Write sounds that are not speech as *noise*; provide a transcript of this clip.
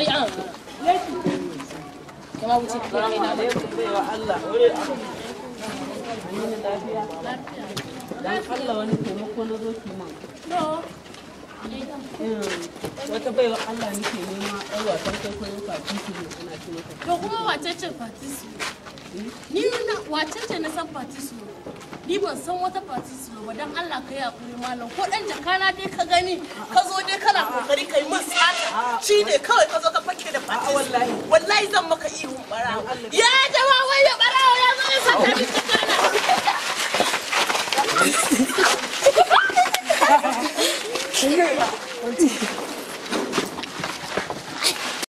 Allah dan Allah wani wata baiwa Allah nake nema ɗan wasan kwaikwayo fatisi ne ana ce mata to kuma wace ce fatisi ni na wace ce na san fatisi ni ban san wata fatisi ba dan Allah ka yi hakuri malam ko dan jakana dai ka gani ka zo dai kana kokari kai masa shi ne kawai ka zo ka fake da fatin wallahi wallahi zan maka ihun barawo ya jama wai ya barawo ya zo ya saka mi cikin *laughs* *laughs*